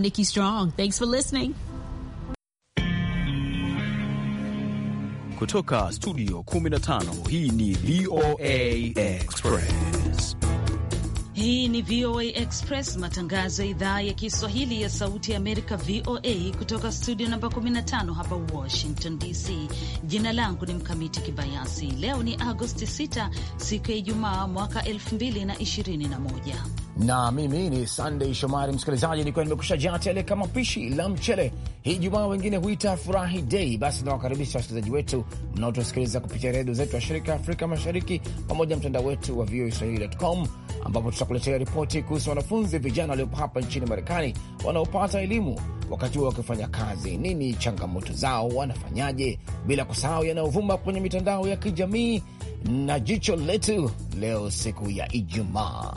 Nikki Strong. Thanks for listening. Kutoka studio 15 hii ni VOA Express. Hii ni VOA Express, matangazo ya idhaa ya Kiswahili ya sauti ya Amerika, VOA, kutoka studio namba 15 hapa Washington DC. Jina langu ni Mkamiti Kibayasi. Leo ni Agosti 6, siku ya Ijumaa, mwaka 2021 na mimi ni Sunday Shomari. Msikilizaji, nilikuwa nimekusha jaa tele kama pishi la mchele. Hii Jumaa wengine huita furahi dei. Basi nawakaribisha wasikilizaji wetu mnaotusikiliza kupitia redio zetu ya shirika Afrika Mashariki pamoja na mtandao wetu wa voaswahili.com, ambapo tutakuletea ripoti kuhusu wanafunzi vijana waliopo hapa nchini Marekani wanaopata elimu wakati huo wakifanya kazi. Nini changamoto zao, wanafanyaje? Bila kusahau yanayovuma kwenye mitandao ya kijamii na jicho letu leo, siku ya Ijumaa.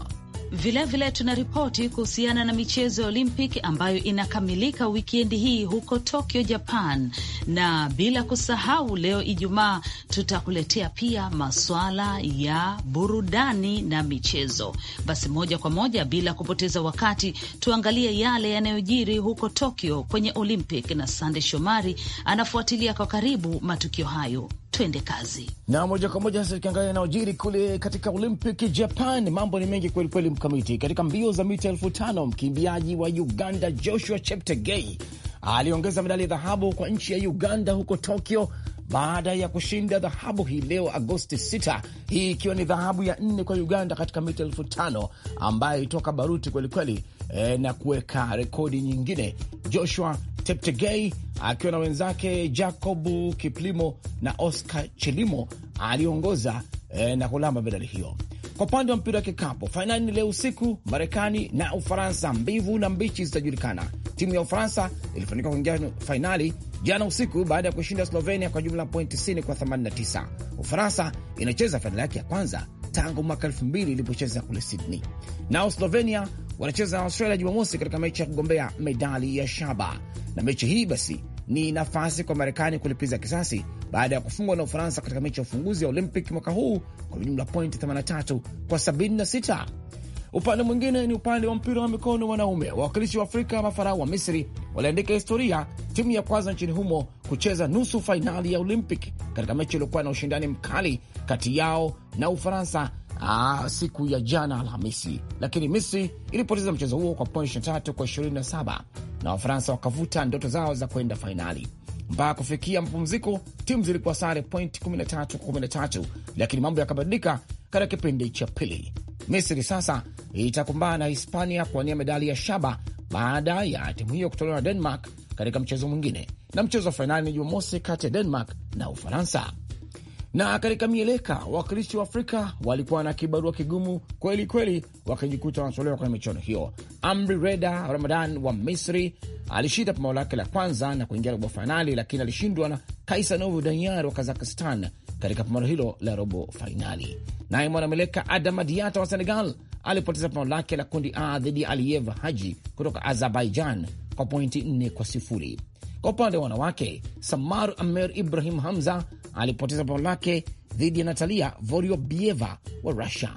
Vilevile tuna ripoti kuhusiana na michezo ya Olimpiki ambayo inakamilika wikendi hii huko Tokyo, Japan, na bila kusahau leo Ijumaa tutakuletea pia maswala ya burudani na michezo. Basi moja kwa moja bila kupoteza wakati, tuangalie yale yanayojiri huko Tokyo kwenye Olympic, na Sande Shomari anafuatilia kwa karibu matukio hayo. Twende kazi na moja kwa moja sasa, tukiangalia inaojiri kule katika Olympic Japan, mambo ni mengi kweli kweli. Mkamiti katika mbio za mita elfu tano mkimbiaji wa Uganda Joshua Cheptegei aliongeza medali ya dhahabu kwa nchi ya Uganda huko Tokyo baada ya kushinda dhahabu hii leo Agosti 6, hii ikiwa ni dhahabu ya nne kwa Uganda katika mita elfu tano ambayo ilitoka baruti kwelikweli e, eh, na kuweka rekodi nyingine. Joshua Teptegei akiwa na wenzake Jacobu Kiplimo na Oscar Chelimo aliongoza e, na kulamba medali hiyo. Kwa upande wa mpira wa kikapu, fainali ni leo usiku. Marekani na Ufaransa, mbivu na mbichi zitajulikana. Timu ya Ufaransa ilifanikiwa kuingia fainali jana usiku baada ya kushinda Slovenia kwa jumla pointi 90 kwa 89. Ufaransa inacheza fainali yake ya kwanza tangu mwaka 2000 ilipocheza kule Sydney. Nao Slovenia wanacheza na Australia Jumamosi katika mechi ya kugombea medali ya shaba, na mechi hii basi ni nafasi kwa Marekani kulipiza kisasi baada ya kufungwa na Ufaransa katika mechi ya ufunguzi ya Olympic mwaka huu kwa jumla pointi 83 kwa 76. Upande mwingine ni upande wa mpira wa mikono wanaume, wawakilishi wa Afrika mafarao wa Misri waliandika historia, timu ya kwanza nchini humo kucheza nusu fainali ya Olympic katika mechi iliyokuwa na ushindani mkali kati yao na Ufaransa Aa, ah, siku ya jana Alhamisi, lakini Misri ilipoteza mchezo huo kwa pointi 23 kwa 27 na Wafaransa wakavuta ndoto zao za kwenda fainali. Mpaka kufikia mapumziko, timu zilikuwa sare point 13 kwa 13, lakini mambo yakabadilika katika kipindi cha pili. Misri sasa itakumbana na Hispania kuwania medali ya shaba baada ya timu hiyo kutolewa na Denmark katika mchezo mwingine, na mchezo wa fainali ni Jumamosi kati ya Denmark na Ufaransa. Na katika mieleka, wawakilishi wa Afrika walikuwa na kibarua kigumu kweli kweli, wakijikuta wanatolewa kwenye michuano hiyo. Amri Reda Ramadan wa Misri alishinda pambano lake la kwanza na kuingia robo fainali, lakini alishindwa na Kaisanovu Danyar wa Kazakistan katika pambano hilo la robo fainali. Naye mwanameleka Adam Adiata wa Senegal alipoteza pambano lake la kundi A dhidi ya Aliyev Haji kutoka Azerbaijan kwa pointi 4 kwa sifuri. Kwa upande wa wanawake, Samar Amer Ibrahim Hamza alipoteza pambano lake dhidi ya Natalia Voriobieva wa Russia.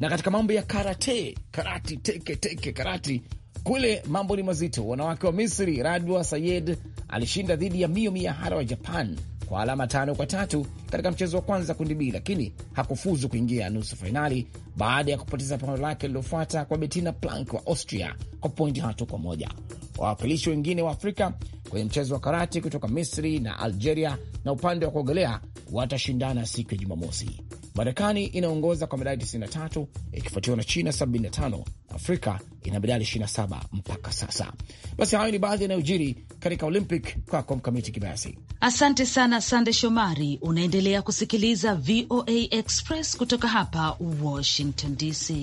Na katika mambo ya karate, karati teke teke, karati kule mambo ni mazito. Wanawake wa Misri Radwa Sayed alishinda dhidi ya Mio Miyahara wa Japan kwa alama tano kwa tatu katika mchezo wa kwanza kundi B, lakini hakufuzu kuingia nusu fainali baada ya kupoteza pambano lake lililofuata kwa Betina Plank wa Austria kwa pointi tatu kwa moja. Wawakilishi wengine wa Afrika kwenye mchezo wa karate kutoka Misri na Algeria na upande wa kuogelea watashindana siku ya Jumamosi. Marekani inaongoza kwa medali 93 ikifuatiwa na China 75. Afrika ina medali 27 mpaka sasa. Basi hayo ni baadhi yanayojiri katika Olympic. Kwako Mkamiti Kibayasi. Asante sana, Sande Shomari. Unaendelea kusikiliza VOA Express kutoka hapa Washington DC.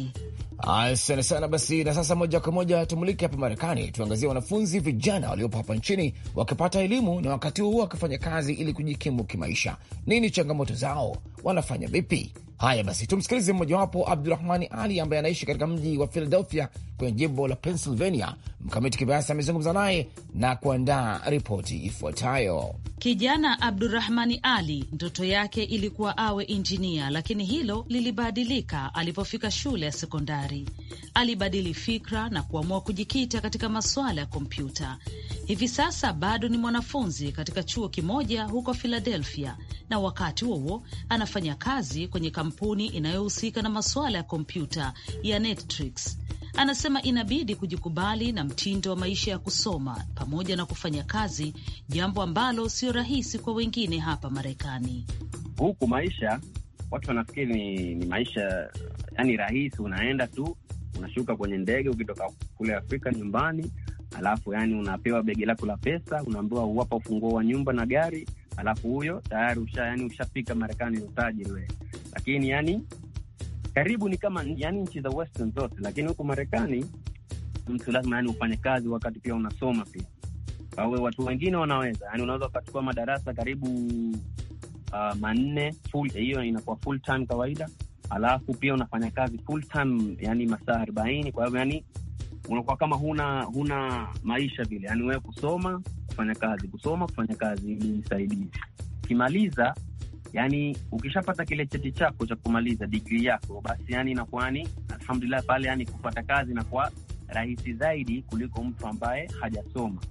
Asante sana. Basi na sasa, moja kwa moja tumulike hapa Marekani, tuangazie wanafunzi vijana waliopo hapa nchini wakipata elimu na wakati huo wakifanya kazi ili kujikimu kimaisha. Nini changamoto zao? Wanafanya vipi? Haya basi, tumsikilize mmojawapo, Abdurahmani Ali ambaye anaishi katika mji wa Philadelphia kwenye jimbo la Pennsylvania. Mkamiti Kibayasi amezungumza naye na kuandaa ripoti ifuatayo. Kijana Abdurahmani Ali, ndoto yake ilikuwa awe injinia, lakini hilo lilibadilika alipofika shule ya sekondari alibadili fikra na kuamua kujikita katika masuala ya kompyuta. Hivi sasa bado ni mwanafunzi katika chuo kimoja huko Philadelphia, na wakati huo anafanya kazi kwenye kampuni inayohusika na masuala ya kompyuta ya Netrix. Anasema inabidi kujikubali na mtindo wa maisha ya kusoma pamoja na kufanya kazi, jambo ambalo sio rahisi kwa wengine hapa Marekani. Huku maisha watu wanafikiri ni, ni maisha yani rahisi, unaenda tu unashuka kwenye ndege ukitoka kule Afrika nyumbani, alafu yani unapewa begi lako la pesa, unaambiwa uwapa ufunguo wa nyumba na gari, alafu huyo tayari usha yani ushafika Marekani utajiri wewe. Lakini yani karibu ni kama yani nchi za western zote, lakini huku Marekani mtu lazima yani ufanye kazi wakati pia unasoma pia. Kwa watu wengine wanaweza yani, unaweza ukachukua madarasa karibu uh, manne full, hiyo inakuwa full time kawaida alafu pia unafanya kazi full time, yani masaa arobaini. Kwa hivyo yani unakuwa kama huna huna maisha vile, yani wewe kusoma kufanya kazi kusoma kufanya kazi ili nisaidie kimaliza. Yani ukishapata kile cheti chako cha kumaliza digrii yako, basi yani inakuwa ni alhamdulillah pale, yani kupata kazi inakuwa rahisi zaidi kuliko mtu ambaye hajasoma.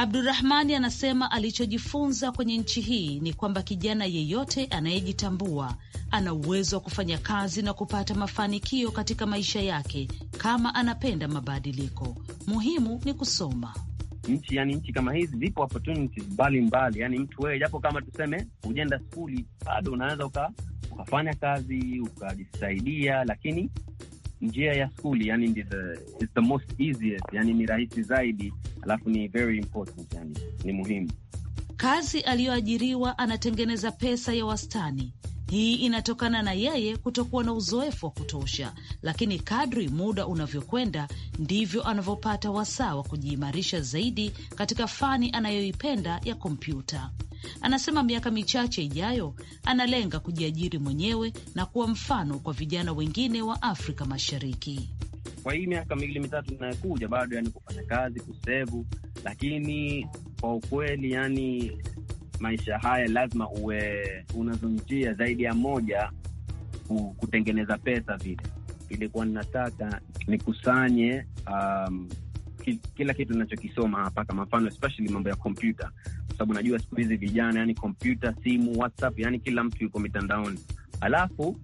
Abdurahmani anasema alichojifunza kwenye nchi hii ni kwamba kijana yeyote anayejitambua ana uwezo wa kufanya kazi na kupata mafanikio katika maisha yake kama anapenda mabadiliko. Muhimu ni kusoma nchi yani, nchi kama hizi zipo opportunities mbalimbali. Yani mtu wewe, japo kama tuseme hujenda skuli, bado unaweza uka, ukafanya kazi ukajisaidia, lakini njia ya skuli, yani ndi the, the most easiest, yani ni rahisi zaidi, alafu ni very important, yani ni muhimu. Kazi aliyoajiriwa anatengeneza pesa ya wastani hii inatokana na yeye kutokuwa na uzoefu wa kutosha, lakini kadri muda unavyokwenda ndivyo anavyopata wasaa wa kujiimarisha zaidi katika fani anayoipenda ya kompyuta. Anasema miaka michache ijayo analenga kujiajiri mwenyewe na kuwa mfano kwa vijana wengine wa Afrika Mashariki. Kwa hii miaka miwili mitatu inayokuja bado, yani kufanya kazi, kusevu, lakini kwa ukweli yani maisha haya lazima uwe unazo njia zaidi ya moja kutengeneza pesa. Vile ilikuwa ninataka nikusanye um, kila kitu ninachokisoma hapa, kama mfano especially mambo ya kompyuta, kwa sababu najua siku hizi vijana, yani kompyuta, simu, WhatsApp, yani kila mtu yuko mitandaoni, alafu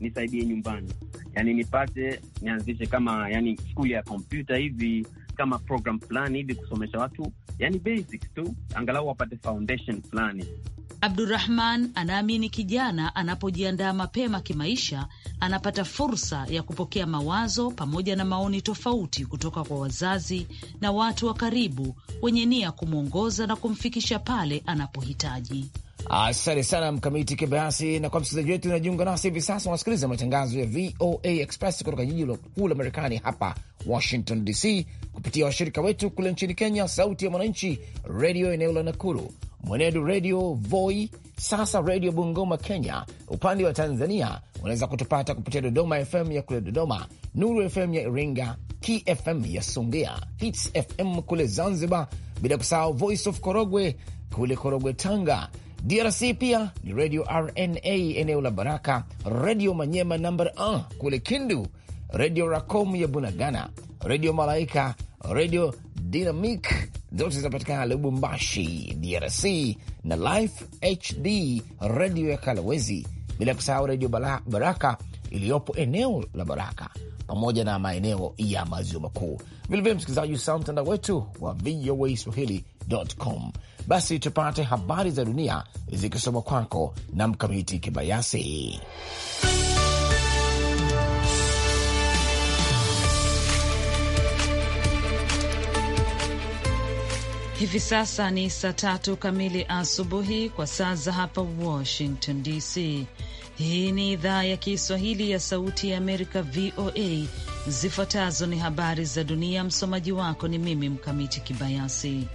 nisaidie nyumbani, yani nipate nianzishe kama yani skuli ya kompyuta hivi, kama program fulani hivi kusomesha watu yani basics tu, angalau wapate foundation fulani. Abdurrahman anaamini kijana anapojiandaa mapema kimaisha anapata fursa ya kupokea mawazo pamoja na maoni tofauti kutoka kwa wazazi na watu wa karibu wenye nia kumwongoza na kumfikisha pale anapohitaji. Asante sana Mkamiti Kibayasi. Na kwa msikilizaji wetu unajiunga nasi hivi sasa, unasikiliza matangazo ya VOA Express kutoka jiji kuu la Marekani, hapa Washington DC, kupitia washirika wetu kule nchini Kenya, Sauti ya Mwananchi redio eneo la Nakuru, Mwenedu redio Voi, sasa redio Bungoma Kenya. Upande wa Tanzania unaweza kutupata kupitia Dodoma FM ya kule Dodoma, Nuru FM ya Iringa, KFM ya Songea, Hits FM kule Zanzibar, bila kusahau Voice of Korogwe kule Korogwe, Tanga, DRC pia ni redio RNA eneo la Baraka, redio Manyema namba 1 kule Kindu, redio Racom ya Bunagana, redio Malaika, redio Dynamic zote zinapatikana Lubumbashi, DRC na Life HD redio ya Kalawezi, bila kusahau redio Baraka iliyopo eneo la Baraka pamoja na maeneo ya maziwa makuu. Vilevile msikilizaji, usaa mtandao wetu wa VOA Swahili facebook.com. Basi tupate habari za dunia zikisomwa kwako na Mkamiti Kibayasi. Hivi sasa ni saa tatu kamili asubuhi kwa saa za hapa Washington DC. Hii ni idhaa ya Kiswahili ya Sauti ya Amerika, VOA. Zifuatazo ni habari za dunia. Msomaji wako ni mimi Mkamiti Kibayasi.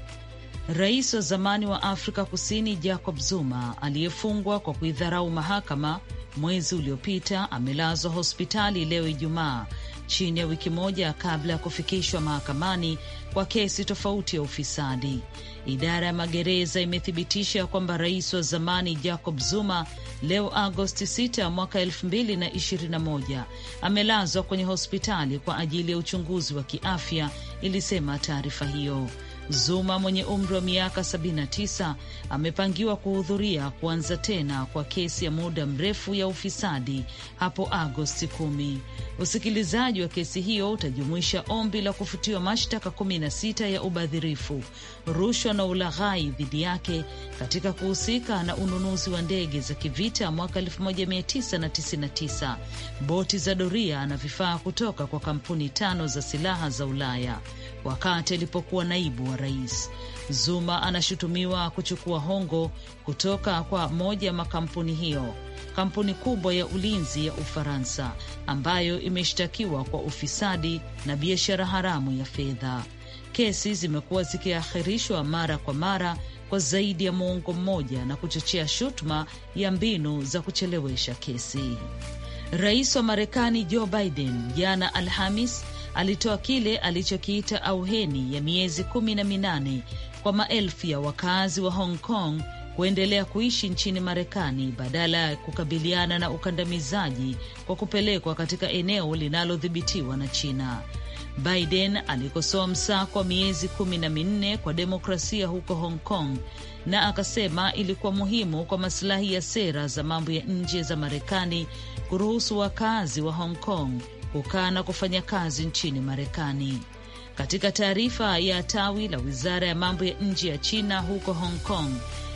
Rais wa zamani wa Afrika Kusini Jacob Zuma aliyefungwa kwa kuidharau mahakama mwezi uliopita amelazwa hospitali leo Ijumaa, chini ya wiki moja kabla ya kufikishwa mahakamani kwa kesi tofauti ya ufisadi. Idara ya magereza imethibitisha kwamba rais wa zamani Jacob Zuma leo Agosti 6 mwaka 2021 amelazwa kwenye hospitali kwa ajili ya uchunguzi wa kiafya, ilisema taarifa hiyo. Zuma mwenye umri wa miaka 79 amepangiwa kuhudhuria kuanza tena kwa kesi ya muda mrefu ya ufisadi hapo Agosti 1 Usikilizaji wa kesi hiyo utajumuisha ombi la kufutiwa mashtaka 16 ya ubadhirifu, rushwa na ulaghai dhidi yake katika kuhusika na ununuzi wa ndege za kivita mwaka 1999, boti za doria na vifaa kutoka kwa kampuni tano za silaha za Ulaya wakati alipokuwa naibu wa rais. Zuma anashutumiwa kuchukua hongo kutoka kwa moja ya makampuni hiyo, kampuni kubwa ya ulinzi ya Ufaransa ambayo imeshtakiwa kwa ufisadi na biashara haramu ya fedha. Kesi zimekuwa zikiahirishwa mara kwa mara kwa zaidi ya muongo mmoja na kuchochea shutuma ya mbinu za kuchelewesha kesi. Rais wa Marekani Joe Biden jana Alhamis alitoa kile alichokiita auheni ya miezi kumi na minane kwa maelfu ya wakazi wa Hong Kong kuendelea kuishi nchini Marekani badala ya kukabiliana na ukandamizaji kwa kupelekwa katika eneo linalodhibitiwa na China. Biden alikosoa msako wa miezi kumi na minne kwa demokrasia huko Hong Kong na akasema ilikuwa muhimu kwa masilahi ya sera za mambo ya nje za Marekani kuruhusu wakazi wa Hong Kong kukaa na kufanya kazi nchini Marekani. Katika taarifa ya tawi la wizara ya mambo ya nje ya China huko Hong Kong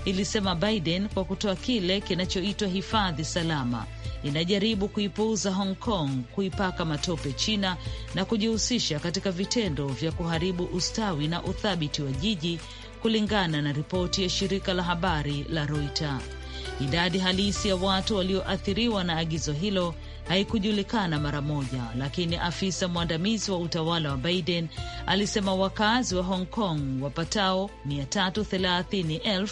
ilisema Biden kwa kutoa kile kinachoitwa hifadhi salama inajaribu kuipuuza Hong Kong, kuipaka matope China na kujihusisha katika vitendo vya kuharibu ustawi na uthabiti wa jiji, kulingana na ripoti ya shirika la habari la Reuters. Idadi halisi ya watu walioathiriwa na agizo hilo haikujulikana mara moja, lakini afisa mwandamizi wa utawala wa Biden alisema wakazi wa Hong Kong wapatao 330,000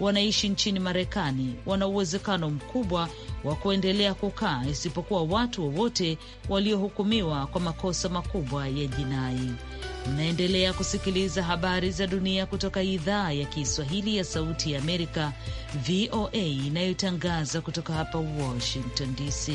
wanaishi nchini Marekani wana uwezekano mkubwa wa kuendelea kukaa isipokuwa watu wowote waliohukumiwa kwa makosa makubwa ya jinai. Mnaendelea kusikiliza habari za dunia kutoka idhaa ya Kiswahili ya Sauti ya Amerika, VOA, inayotangaza kutoka hapa Washington DC.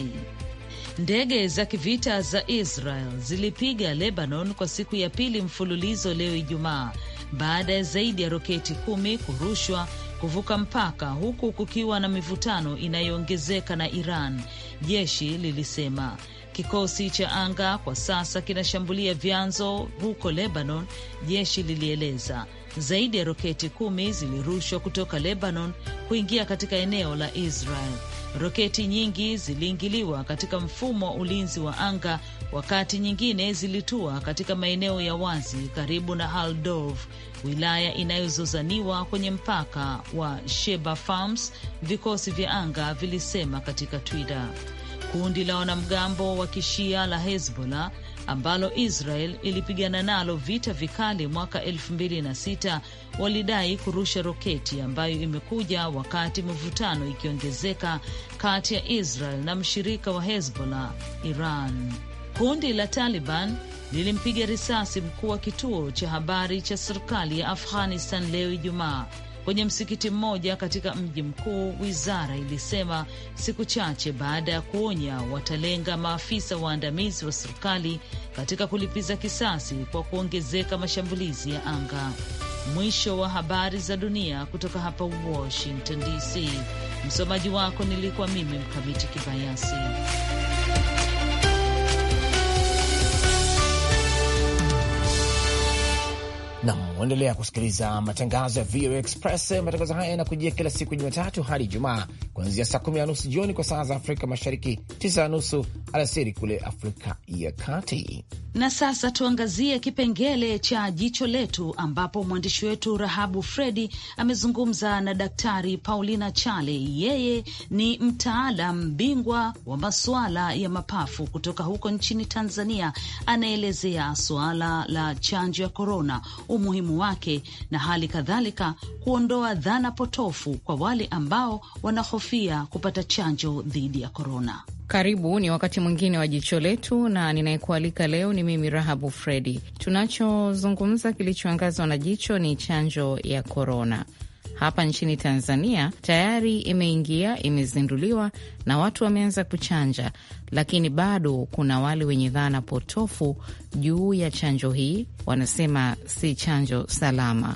Ndege za kivita za Israel zilipiga Lebanon kwa siku ya pili mfululizo leo Ijumaa, baada ya zaidi ya roketi kumi kurushwa kuvuka mpaka, huku kukiwa na mivutano inayoongezeka na Iran, jeshi lilisema. Kikosi cha anga kwa sasa kinashambulia vyanzo huko Lebanon, jeshi lilieleza. Zaidi ya roketi kumi zilirushwa kutoka Lebanon kuingia katika eneo la Israel. Roketi nyingi ziliingiliwa katika mfumo wa ulinzi wa anga, wakati nyingine zilitua katika maeneo ya wazi karibu na Haldov, wilaya inayozozaniwa kwenye mpaka wa Sheba Farms, vikosi vya anga vilisema katika Twitter. Kundi la wanamgambo wa kishia la Hezbollah ambalo Israel ilipigana nalo vita vikali mwaka 2006 walidai kurusha roketi ambayo imekuja wakati mivutano ikiongezeka kati ya Israel na mshirika wa Hezbollah, Iran. Kundi la Taliban lilimpiga risasi mkuu wa kituo cha habari cha serikali ya Afghanistan leo Ijumaa kwenye msikiti mmoja katika mji mkuu, wizara ilisema siku chache baada ya kuonya watalenga maafisa waandamizi wa serikali katika kulipiza kisasi kwa kuongezeka mashambulizi ya anga. Mwisho wa habari za dunia kutoka hapa Washington DC. Msomaji wako nilikuwa mimi Mkamiti Kibayasi. na mwendelea kusikiliza matangazo ya VOA Express. Matangazo haya yanakujia kila siku Jumatatu hadi Ijumaa, kuanzia saa kumi na nusu jioni kwa saa za Afrika Mashariki, tisa na nusu alasiri kule Afrika ya Kati. Na sasa tuangazie kipengele cha jicho letu, ambapo mwandishi wetu Rahabu Fredi amezungumza na Daktari Paulina Chale. Yeye ni mtaalam bingwa wa masuala ya mapafu kutoka huko nchini Tanzania. Anaelezea suala la chanjo ya korona umuhimu wake na hali kadhalika kuondoa dhana potofu kwa wale ambao wanahofia kupata chanjo dhidi ya korona. Karibu ni wakati mwingine wa jicho letu, na ninayekualika leo ni mimi Rahabu Fredi. Tunachozungumza kilichoangazwa na jicho ni chanjo ya korona. Hapa nchini Tanzania tayari imeingia, imezinduliwa na watu wameanza kuchanja, lakini bado kuna wale wenye dhana potofu juu ya chanjo hii, wanasema si chanjo salama.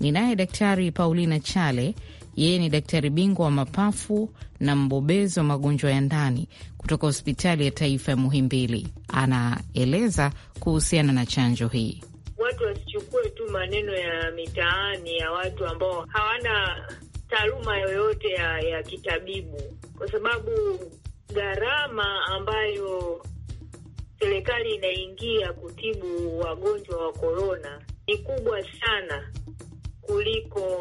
Ninaye Daktari Paulina Chale, yeye ni daktari bingwa wa mapafu na mbobezi wa magonjwa ya ndani kutoka hospitali ya taifa ya Muhimbili. Anaeleza kuhusiana na chanjo hii watu wasichukue tu maneno ya mitaani ya watu ambao hawana taaluma yoyote ya, ya kitabibu, kwa sababu gharama ambayo serikali inaingia kutibu wagonjwa wa korona ni kubwa sana kuliko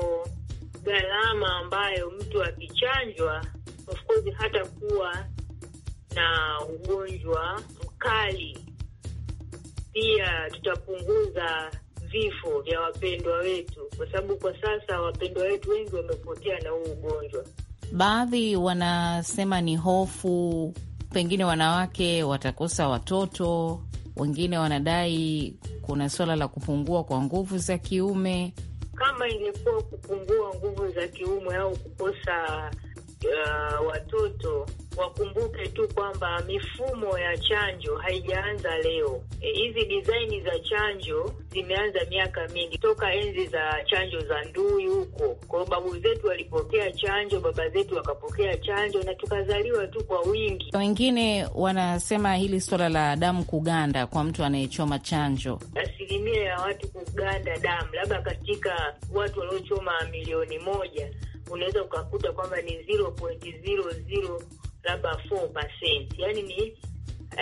gharama ambayo mtu akichanjwa, of course, hata kuwa na ugonjwa mkali pia tutapunguza vifo vya wapendwa wetu, kwa sababu kwa sasa wapendwa wetu wengi wamepotea na huu ugonjwa. Baadhi wanasema ni hofu, pengine wanawake watakosa watoto, wengine wanadai kuna suala la kupungua kwa nguvu za kiume. Kama ingekuwa kupungua nguvu za kiume au kukosa uh, watoto wakumbuke tu kwamba mifumo ya chanjo haijaanza leo. Eh, hizi e, dizaini za chanjo zimeanza miaka mingi, toka enzi za chanjo za ndui huko. kwao. babu zetu walipokea chanjo, baba zetu wakapokea chanjo, na tukazaliwa tu kwa wingi. Wengine wanasema hili suala la damu kuganda kwa mtu anayechoma chanjo, asilimia ya watu kuganda damu, labda katika watu waliochoma milioni moja unaweza ukakuta kwamba ni 0.004 labda 4%, yani ni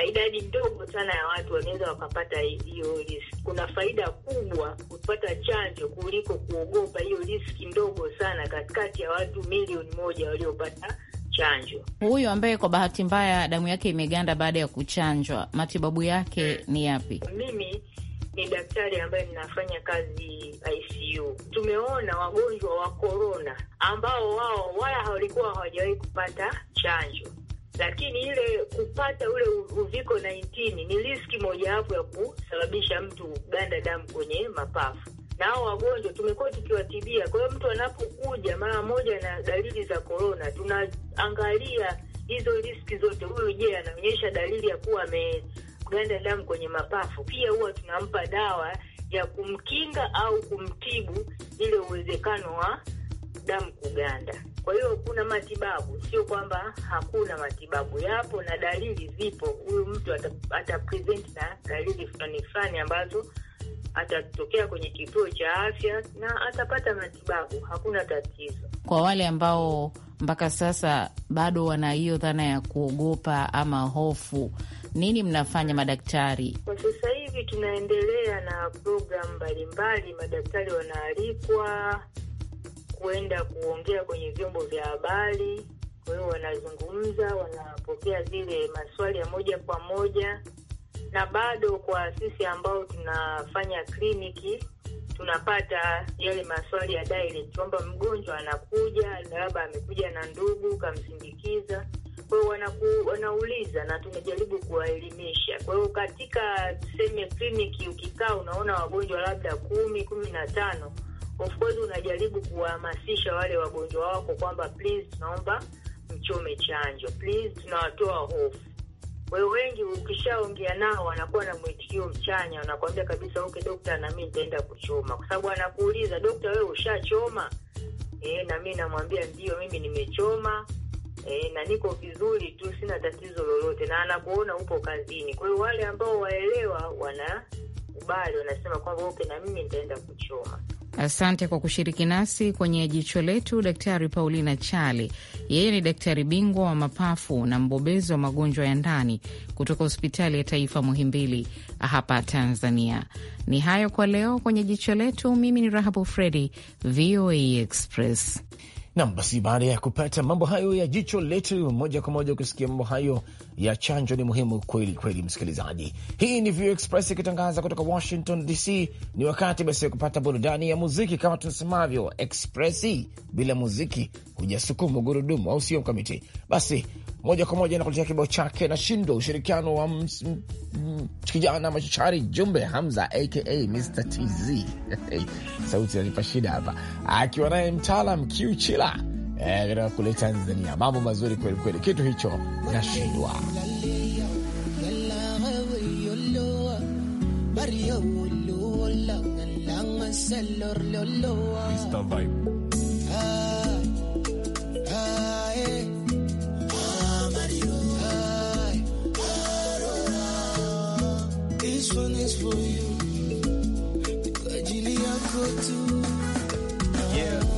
idadi ndogo sana ya watu wanaweza wakapata hiyo riski. Kuna faida kubwa kupata chanjo kuliko kuogopa hiyo riski ndogo sana katikati ya watu milioni moja waliopata chanjo. Huyu ambaye kwa bahati mbaya damu yake imeganda baada ya kuchanjwa, matibabu yake hmm. ni yapi? Mimi ni daktari ambaye ninafanya kazi ICU. Tumeona wagonjwa wa korona ambao wao wala walikuwa hawajawahi kupata chanjo, lakini ile kupata ule uviko 19 ni riski mojawapo ya kusababisha mtu ganda damu kwenye mapafu na hao wagonjwa tumekuwa tukiwatibia. Kwa hiyo mtu anapokuja mara moja na dalili za korona, tunaangalia hizo riski zote. Huyu je, anaonyesha dalili ya kuwa ame kuenda damu kwenye mapafu. Pia huwa tunampa dawa ya kumkinga au kumtibu ile uwezekano wa damu kuganda. Kwa hiyo kuna matibabu, sio kwamba hakuna matibabu, yapo na dalili zipo. Huyu mtu atapresent ata na dalili fulani fulani ambazo atatokea kwenye kituo cha afya na atapata matibabu, hakuna tatizo. Kwa wale ambao mpaka sasa bado wana hiyo dhana ya kuogopa ama hofu? Nini mnafanya madaktari kwa sasa hivi? Tunaendelea na programu mbalimbali, madaktari wanaalikwa kuenda kuongea kwenye vyombo vya habari. Kwa hiyo wanazungumza, wanapokea zile maswali ya moja kwa moja, na bado kwa sisi ambao tunafanya kliniki tunapata yale maswali ya direct kwamba mgonjwa anakuja, labda amekuja na ndugu kamsindikiza, kwa hiyo wanaku, wanauliza na tumejaribu kuwaelimisha. Kwa hiyo katika tuseme kliniki ukikaa unaona wagonjwa labda kumi kumi na tano of course unajaribu kuwahamasisha wale wagonjwa wako kwamba please, tunaomba mchome chanjo, please tunawatoa hofu kwa hiyo wengi ukishaongea nao wanakuwa na mwitikio mchanya, wanakuambia kabisa, uke dokta, na mi nitaenda kuchoma, kwa sababu anakuuliza dokta, wewe ushachoma? E, na mi namwambia ndio, mimi nimechoma e, na niko vizuri tu, sina tatizo lolote, na anakuona upo kazini. Kwa hiyo wale ambao waelewa wanakubali, wanasema kwamba uke, na mimi nitaenda kuchoma. Asante kwa kushiriki nasi kwenye jicho letu, Daktari Paulina chale Yeye ni daktari bingwa wa mapafu na mbobezi wa magonjwa ya ndani kutoka hospitali ya taifa Muhimbili hapa Tanzania. Ni hayo kwa leo kwenye jicho letu. Mimi ni Rahabu Fredi, VOA Express. Nam, basi baada ya kupata mambo hayo ya jicho letu moja kwa moja, kusikia mambo hayo ya chanjo ni muhimu kweli kweli, msikilizaji. Hii ni VOA Express ikitangaza kutoka Washington DC. Ni wakati basi ya kupata burudani ya muziki, kama tunasemavyo Expressi, bila muziki hujasukumu gurudumu, au sio Mkamiti? Basi moja kwa moja nakuletea kibao chake na shindo, ushirikiano wa kijana machachari Jumbe Hamza aka Mr TZ sauti anipa shida hapa, akiwa naye mtaalam Kiuchila eh, katika kule Tanzania. Mambo mazuri kweli kweli, kitu hicho nashindwa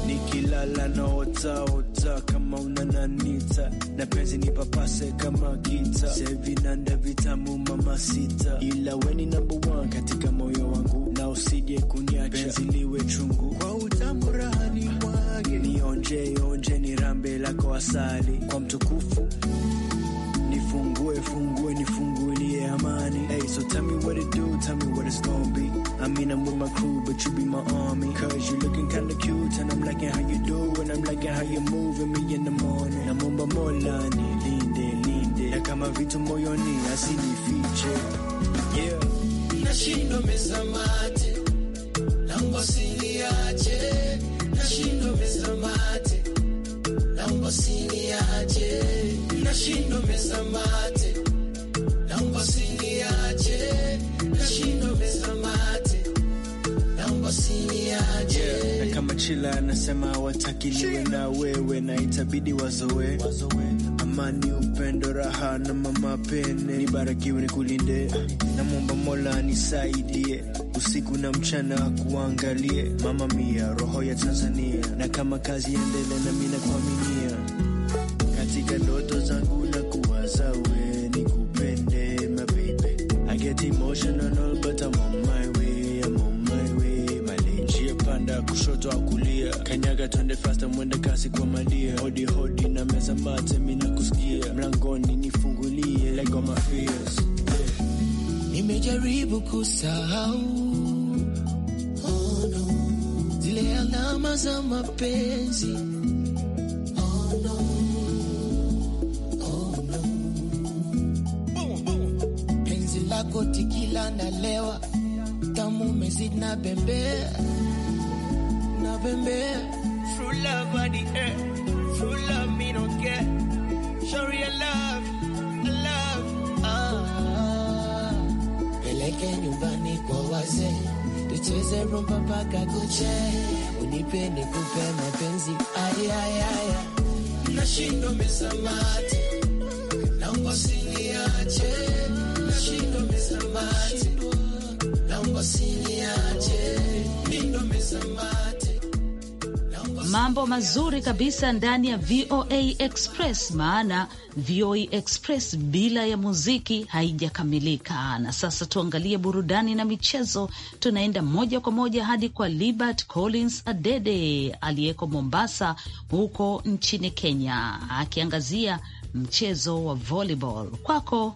Nikilala naotaota kama unananita na penzi nipapase kama kita sevi nanda vitamu mama sita, ila weni number one katika moyo wangu na usije kunyacha penzi liwe chungu kwa utamu rahani mwage nionje onje ni rambe lako asali kwa mtukufu nifungue fungue So tell me what it do, tell me what it's gonna be. I mean, I'm with my crew, but you be my army. Cause you looking kinda cute, and I'm liking how you do, and I'm liking how you are moving me in the morning. Naomba Mola nilinde, linde, na kama vitu moyoni asinifiche. Yeah. Nashindo mesamate, naomba usiniache. Nashindo mesamate, naomba usiniache. Nashindo mesamate. Shila anasema niwe na wewe na itabidi wazoe, Amani, upendo, raha na mama pene, nibarikiwe nikulinde, namwomba Mola nisaidie usiku na mchana kuangalie mama mia roho ya Tanzania, na kama kazi endele na mimi Najaribu kusahau oh, no. Zile alama za mapenzi oh, no. Oh, no. Penzi lako tikila nalewa lewa tamu mezid na bembea na bembea eh. mpaka kuche unipe nikupe mapenzi ayayaya nashindo misamati naomba usiniache nashindo misamati naomba usiniache mindo mesamati mambo mazuri kabisa ndani ya VOA Express, maana VOA Express bila ya muziki haijakamilika. Na sasa tuangalie burudani na michezo. Tunaenda moja kwa moja hadi kwa Libert Collins Adede aliyeko Mombasa huko nchini Kenya, akiangazia mchezo wa volleyball. Kwako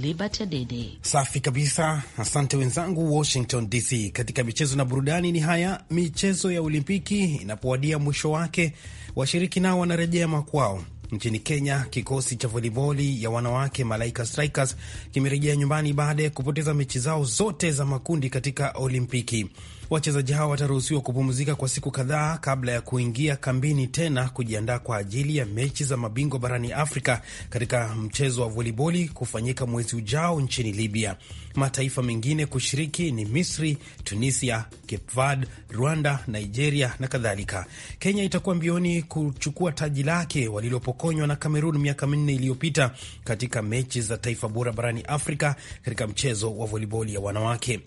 Liberty Safi kabisa, asante wenzangu Washington DC. Katika michezo na burudani ni haya, michezo ya Olimpiki inapowadia mwisho wake, washiriki nao wanarejea makwao. Nchini Kenya, kikosi cha voliboli ya wanawake Malaika Strikers kimerejea nyumbani baada ya kupoteza mechi zao zote za makundi katika Olimpiki. Wachezaji hao wataruhusiwa kupumzika kwa siku kadhaa kabla ya kuingia kambini tena kujiandaa kwa ajili ya mechi za mabingwa barani Afrika katika mchezo wa voliboli kufanyika mwezi ujao nchini Libya. Mataifa mengine kushiriki ni Misri, Tunisia, Cape Verde, Rwanda, Nigeria na kadhalika. Kenya itakuwa mbioni kuchukua taji lake walilopokonywa na Kamerun miaka minne iliyopita katika mechi za taifa bora barani Afrika katika mchezo wa voliboli ya wanawake.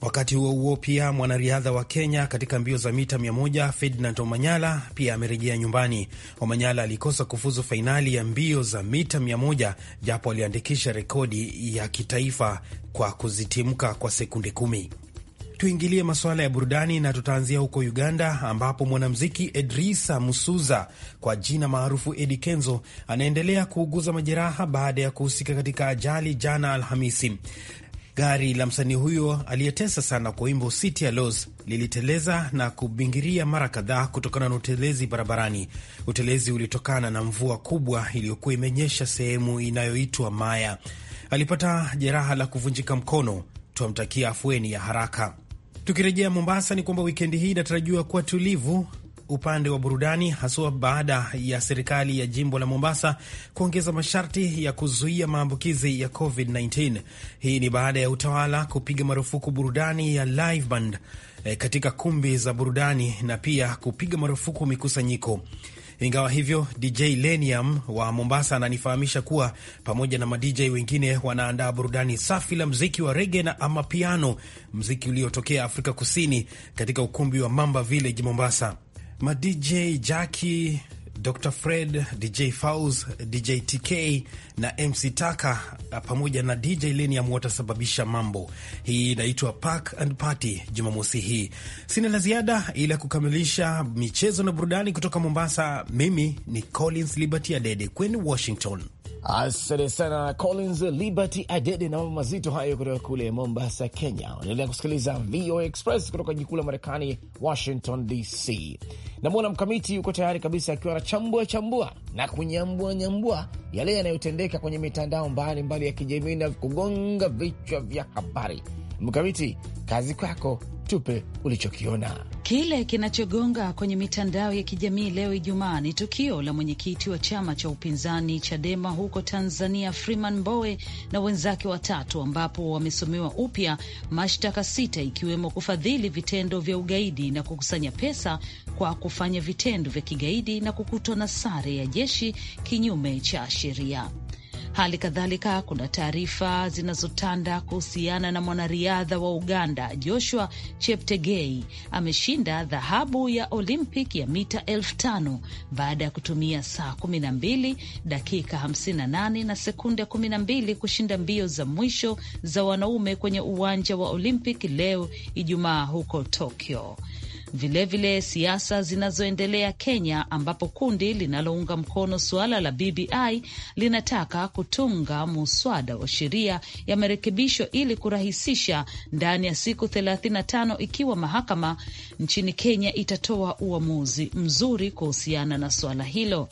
Wakati huo huo pia mwanariadha wa Kenya katika mbio za mita 100 Ferdinand Omanyala pia amerejea nyumbani. Omanyala alikosa kufuzu fainali ya mbio za mita 100 japo aliandikisha rekodi ya kitaifa kwa kuzitimka kwa sekunde kumi. Tuingilie masuala ya burudani na tutaanzia huko Uganda ambapo mwanamuziki Edrisa Musuza kwa jina maarufu edi Kenzo anaendelea kuuguza majeraha baada ya kuhusika katika ajali jana Alhamisi. Gari la msanii huyo aliyetesa sana kwa wimbo City ya Los liliteleza na kubingiria mara kadhaa kutokana na utelezi barabarani. Utelezi ulitokana na mvua kubwa iliyokuwa imenyesha sehemu inayoitwa Maya. Alipata jeraha la kuvunjika mkono, twamtakia afueni ya haraka. Tukirejea Mombasa, ni kwamba wikendi hii inatarajiwa kuwa tulivu upande wa burudani, haswa baada ya serikali ya jimbo la Mombasa kuongeza masharti ya kuzuia maambukizi ya COVID-19. Hii ni baada ya utawala kupiga marufuku burudani ya live band e, katika kumbi za burudani na pia kupiga marufuku mikusanyiko. Ingawa hivyo, DJ Lenium wa Mombasa ananifahamisha kuwa pamoja na madj wengine wanaandaa burudani safi la mziki wa rege na amapiano, mziki uliotokea Afrika Kusini katika ukumbi wa Mamba Village Mombasa ma DJ Jackie, Dr Fred, DJ Faus, DJ TK na MC Taka pamoja na DJ Lenium watasababisha mambo. Hii inaitwa Park and Party Jumamosi hii. Sina la ziada ila kukamilisha michezo na burudani kutoka Mombasa. Mimi ni Collins Liberty Adede kwenu Washington. Asante sana Collins Liberty Adede na mambo mazito hayo kutoka kule Mombasa, Kenya. Unaendelea kusikiliza VOA Express kutoka jikuu la Marekani, Washington DC. Namwona Mkamiti yuko tayari kabisa akiwa anachambua chambua na kunyambua nyambua yale yanayotendeka kwenye mitandao mbalimbali ya kijamii na kugonga vichwa vya habari. Mkamiti, kazi kwako, tupe ulichokiona. Kile kinachogonga kwenye mitandao ya kijamii leo Ijumaa ni tukio la mwenyekiti wa chama cha upinzani Chadema huko Tanzania, Freeman Mbowe na wenzake watatu, ambapo wamesomewa upya mashtaka sita ikiwemo kufadhili vitendo vya ugaidi na kukusanya pesa kwa kufanya vitendo vya kigaidi na kukutwa na sare ya jeshi kinyume cha sheria. Hali kadhalika kuna taarifa zinazotanda kuhusiana na mwanariadha wa Uganda Joshua Cheptegei ameshinda dhahabu ya Olympic ya mita elfu tano baada ya kutumia saa 12 dakika 58 na sekunde 12 kushinda mbio za mwisho za wanaume kwenye uwanja wa Olympic leo Ijumaa huko Tokyo vilevile siasa zinazoendelea Kenya, ambapo kundi linalounga mkono suala la BBI linataka kutunga muswada wa sheria ya marekebisho ili kurahisisha ndani ya siku 35 ikiwa mahakama nchini Kenya itatoa uamuzi mzuri kuhusiana na suala hilo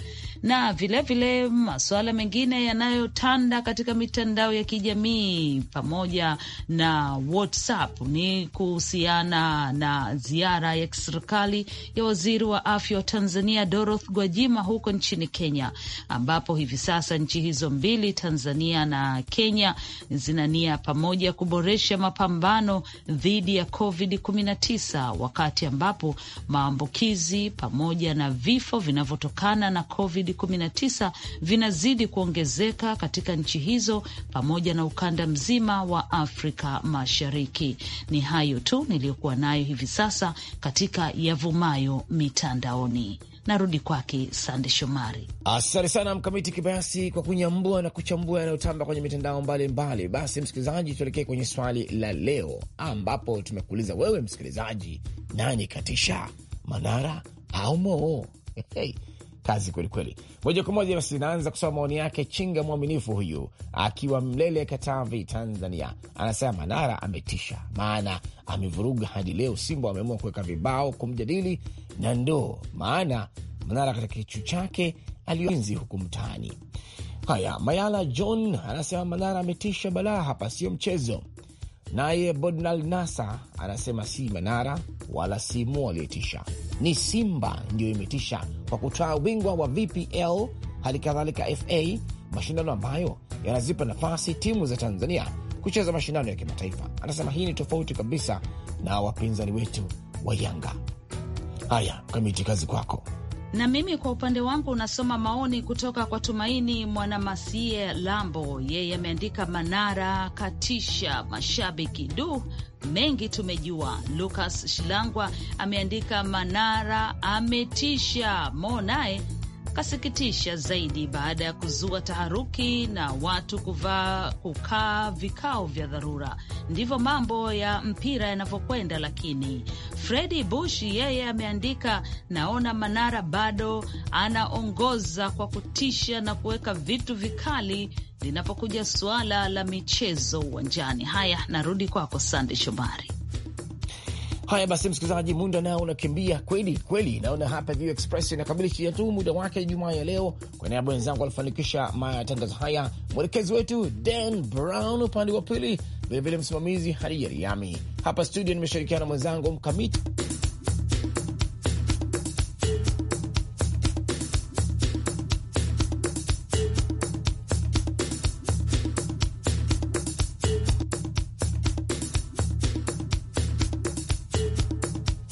na vilevile masuala mengine yanayotanda katika mitandao ya kijamii pamoja na WhatsApp ni kuhusiana na ziara ya kiserikali ya waziri wa afya wa Tanzania Dorothy Gwajima huko nchini Kenya, ambapo hivi sasa nchi hizo mbili, Tanzania na Kenya, zinania pamoja kuboresha mapambano dhidi ya COVID-19 wakati ambapo maambukizi pamoja na vifo vinavyotokana na COVID 19 vinazidi kuongezeka katika nchi hizo pamoja na ukanda mzima wa Afrika Mashariki. Ni hayo tu niliyokuwa nayo hivi sasa katika yavumayo mitandaoni. Narudi kwake Sande Shomari. Asante sana Mkamiti Kibayasi kwa kunyambua na kuchambua yanayotamba kwenye mitandao mbalimbali. Basi msikilizaji, tuelekee kwenye swali la leo, ambapo tumekuuliza wewe msikilizaji, nani katisha Manara au Moo? kazi kwelikweli. Moja kwa moja basi naanza kusoma maoni yake. Chinga mwaminifu huyu akiwa Mlele, Katavi, Tanzania, anasema Manara ametisha, maana amevuruga hadi leo. Simba wameamua kuweka vibao kumjadili na ndoo, maana Manara katika kichu chake alioinzi huku mtaani. Haya, Mayala John anasema Manara ametisha balaa, hapa sio mchezo Naye Bodnal Nasa anasema si Manara wala si Mo aliyetisha, ni Simba ndiyo imetisha kwa kutoa ubingwa wa VPL, hali kadhalika FA, mashindano ambayo yanazipa nafasi timu za Tanzania kucheza mashindano ya kimataifa. Anasema hii ni tofauti kabisa na wapinzani wetu wa Yanga. Haya, Kamiti, kazi kwako. Na mimi kwa upande wangu unasoma maoni kutoka kwa Tumaini Mwanamasie Lambo, yeye ameandika Manara katisha mashabiki du mengi tumejua. Lucas Shilangwa ameandika Manara ametisha, Mo naye kasikitisha zaidi baada ya kuzua taharuki na watu kuvaa kukaa vikao vya dharura. Ndivyo mambo ya mpira yanavyokwenda. Lakini Fredi Bush yeye ameandika, naona Manara bado anaongoza kwa kutisha na kuweka vitu vikali linapokuja suala la michezo uwanjani. Haya, narudi kwako Sande Shomari. Haya basi, msikilizaji, muda nao unakimbia kweli kweli. Naona hapa View Express inakamilisha tu muda wake Jumaa ya leo. Kwa niaba wenzangu walifanikisha matangazo haya, mwelekezi wetu Dan Brown upande wa pili, vilevile msimamizi Hadija Riami. Hapa studio nimeshirikiana mwenzangu Mkamiti.